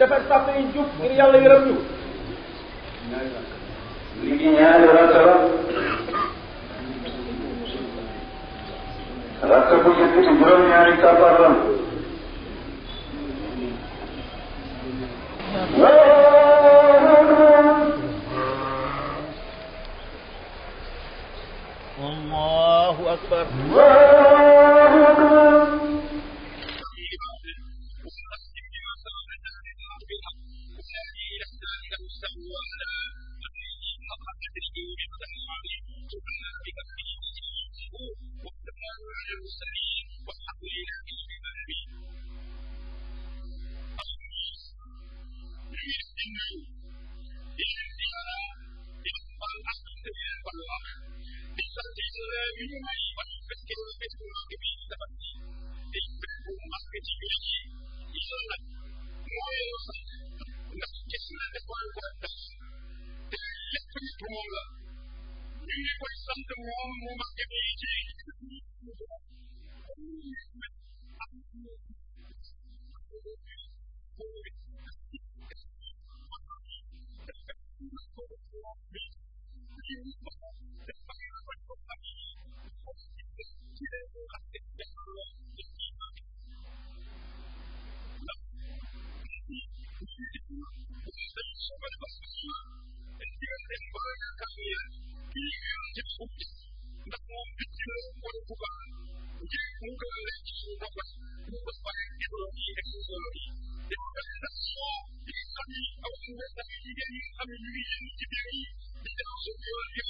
defar sàppe yi jub ngir yàlla yërëm ñu. li ngi ñaari rakk la. rakk bu njëkk bi juróom-ñaari kàbbar la. العالي تبنى بتقديره والثناء على المرسلين والحمد لله العالمين يمكنه للانتهاء يقبل أحمد البلاغ بالاستسلام لمن يفكر بالمراد به تبني الفهم المعرفي يصنع ويصنع نفس جسمه ويقدس لكن الجمهور ñu ngi koy sant moom mu mag yi ci Thank you. bii xel ñëpp u gis ndax moom picc la wala bu baax bu jëlee mu gën a leen ci suñu boppam mu ko bàyyi école yi ak école yi. yow dañuy def yi nga xam ni aw ñu ne ndax yi nga xam ne ñu ngi yéen ci yi di def soo yi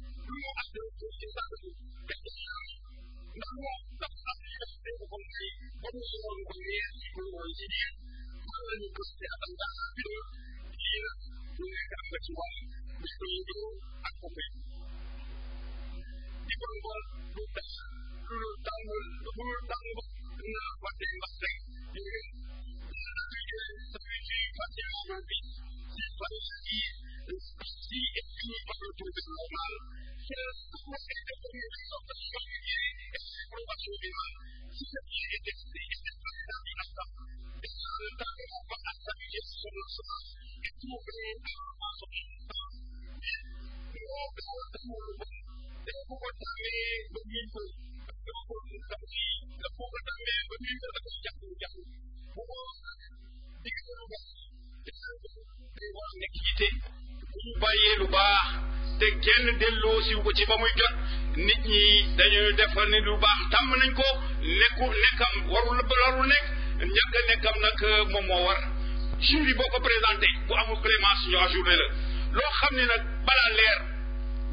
ci plus de travaillant pour s'installer sur le lu baax te kenn delloo siw ko ci ba muy jot nit ñi dañuy defar ne lu baax tàmm nañ ko nekku nekkam warul nekk ñàkk a nekkam nag euh, moom moo war jury boo ko présenté bu amul clémence ñu ajourné la loo xam ne nag balaa leer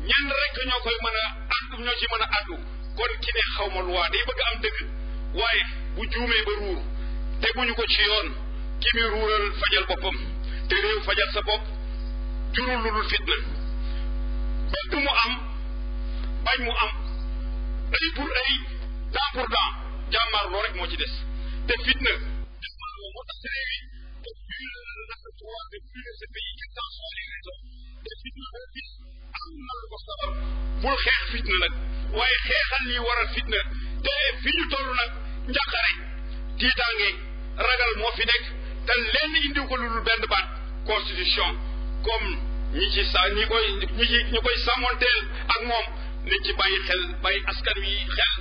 ñan rek ñoo koy mën a àddu ñoo ci mën a àddu kon ki ne xaw ma lu loi day bëgg am dëgg waaye bu juumee ba ruur teguñu ko ci yoon ki muy ruural fajal boppam te réew fajal sa bopp jurul lu dul fitna bëgg mu am bañ mu am ay pour ay dent pour dent jàmmaar loo rek moo ci des fitna bul xeex fitna nag waaye xeexal lii waral fitna te fi ñu toll nag njàqare tiitaange ragal moo fi nekk te lenn indiw ko lu dul benn baat constitution comme ñi ci sa ñi koy ñi ci ñi koy sàmmoonteel ak moom nit ci bàyyi xel bàyyi askan wi xel